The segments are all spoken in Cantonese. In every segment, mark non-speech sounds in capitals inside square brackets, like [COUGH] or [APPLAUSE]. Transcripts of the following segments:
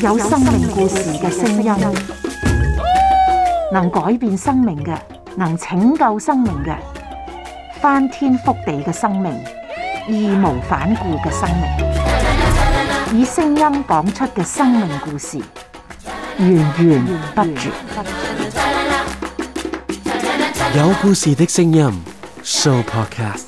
有生命故事嘅聲音，能改變生命嘅，能拯救生命嘅，翻天覆地嘅生命，義無反顧嘅生命，以聲音講出嘅生命故事，源源不絕。有故事嘅聲音，Show Podcast。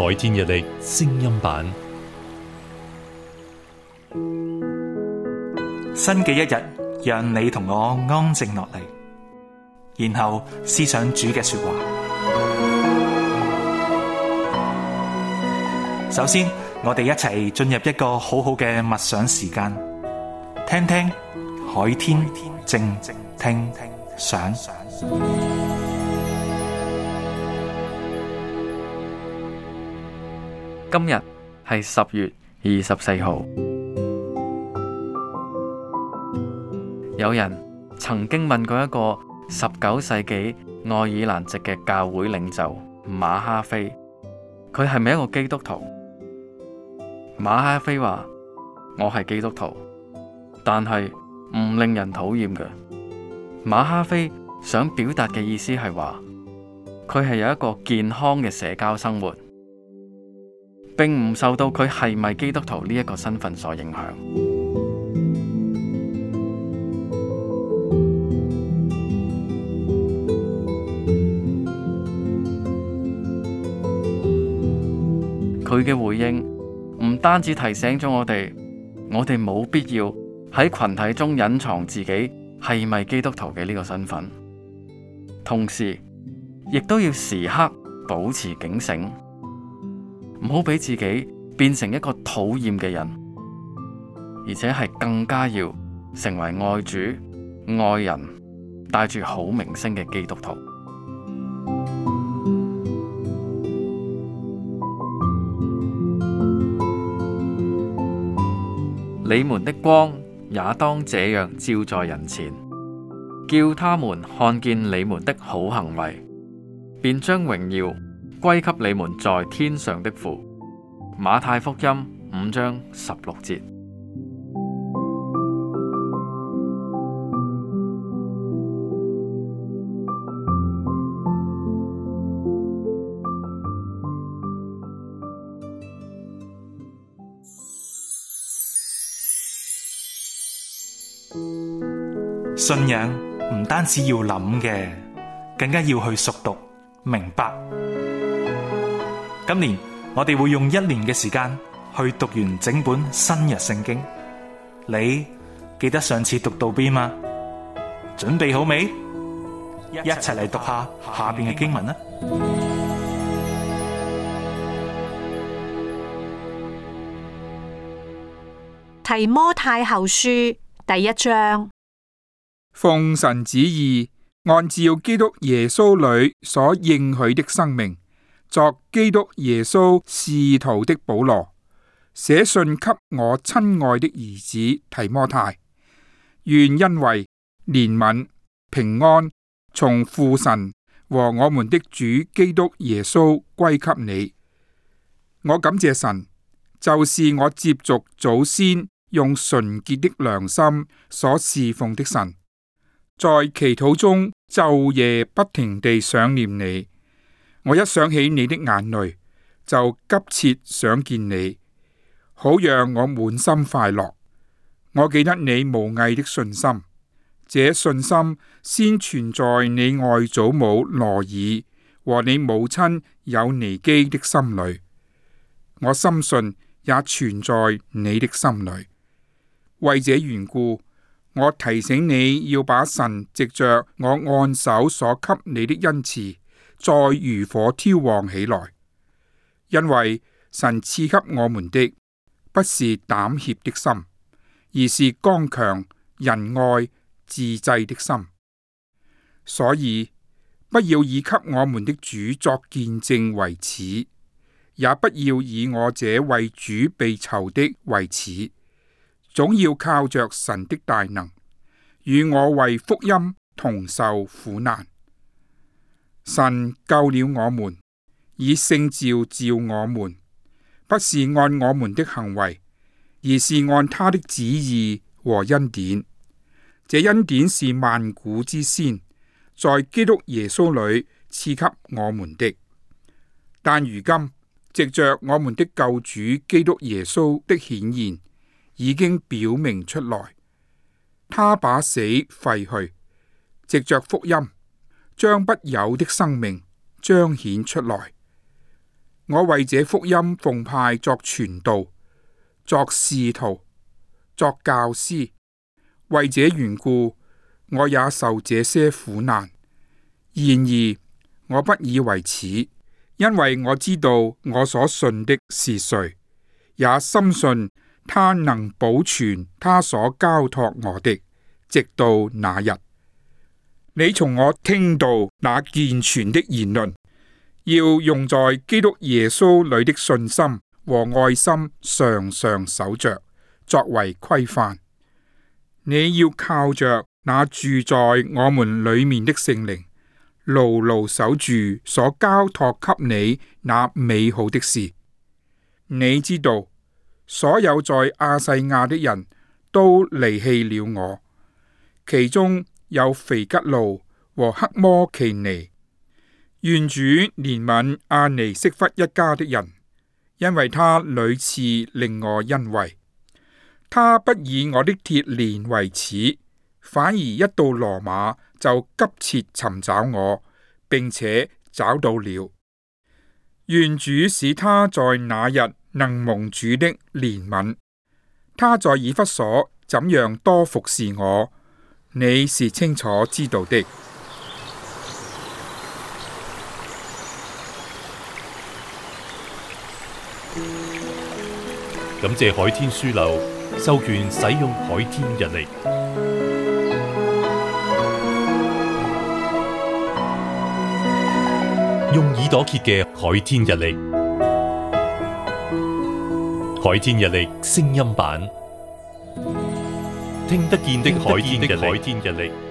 海天日曆聲音版，新嘅一日，讓你同我安靜落嚟，然後思想主嘅說話。首先，我哋一齊進入一個好好嘅默想時間，聽聽海天，靜靜聽聽想。今日係十月二十四號。有人曾經問過一個十九世紀愛爾蘭籍嘅教會領袖馬哈菲，佢係咪一個基督徒？馬哈菲話：我係基督徒，但係唔令人討厭嘅。馬哈菲想表達嘅意思係話，佢係有一個健康嘅社交生活。並唔受到佢係咪基督徒呢一個身份所影響。佢嘅回應唔單止提醒咗我哋，我哋冇必要喺群體中隱藏自己係咪基督徒嘅呢個身份，同時亦都要時刻保持警醒。唔好俾自己變成一個討厭嘅人，而且係更加要成為愛主、愛人，帶住好名聲嘅基督徒。你們 [NOISE] 的光也當這樣照在人前，叫他們看見你們的好行為，便將榮耀，歸給你們在天上的父。馬太福音五章十六節。信仰唔單止要諗嘅，更加要去熟讀明白。今年我哋會用一年嘅時間去讀完整本新約聖經。你記得上次讀到邊嗎？準備好未？一齊嚟讀下下面嘅經文啦！提摩太後書第一章，奉神旨意，按照基督耶穌裏所應許的生命。作基督耶穌使徒的保羅，寫信給我親愛的兒子提摩太，願因為憐憫、平安，從父神和我們的主基督耶穌歸給你。我感謝神，就是我接續祖先用純潔的良心所侍奉的神，在祈禱中晝夜不停地想念你。我一想起你的眼淚，就急切想見你，好讓我滿心快樂。我記得你無偽的信心，這信心先存在你外祖母羅爾和你母親有尼基的心裏，我深信也存在你的心裏。為這緣故，我提醒你要把神藉着我按手所給你的恩賜，再如火挑旺起來，因為神賜給我們的不是膽怯的心，而是剛強、仁愛、自制的心。所以不要以給我們的主作見證為恥，也不要以我這為主被囚的為恥，總要靠着神的大能，與我為福音同受苦難。神救了我們，以聖召召我們，不是按我們的行為，而是按他的旨意和恩典。這恩典是萬古之先，在基督耶穌裏賜給我們的。但如今，藉着我們的救主基督耶穌的顯現，已經表明出來，他把死廢去，藉着福音。將不朽的生命彰顯出來。我為這福音奉派作傳道、作使徒、作教師。為這緣故，我也受這些苦難。然而，我不以為恥，因為我知道我所信的是誰，也深信他能保存他所交託我的，直到那日。你從我聽到那健全的言論，要用在基督耶穌裏的信心和愛心，常常守着，作為規範。你要靠着那住在我們裏面的聖靈，牢牢守住所交託給你那美好的事。你知道，所有在亞細亞的人都離棄了我。其中，有腓吉路和黑摩奇尼，願主憐憫阿尼色弗一家的人，因為他屢次令我欣慰。他不以我的鐵鏈為恥，反而一到羅馬就急切尋找我，並且找到了。願主使他在那日能蒙主的憐憫。他在以弗所怎樣多服侍我，你是清楚知道的。感謝海天書樓授權使用海天日曆，用耳朵揭嘅海天日曆，海天日曆聲音版。聽得見的海天日曆。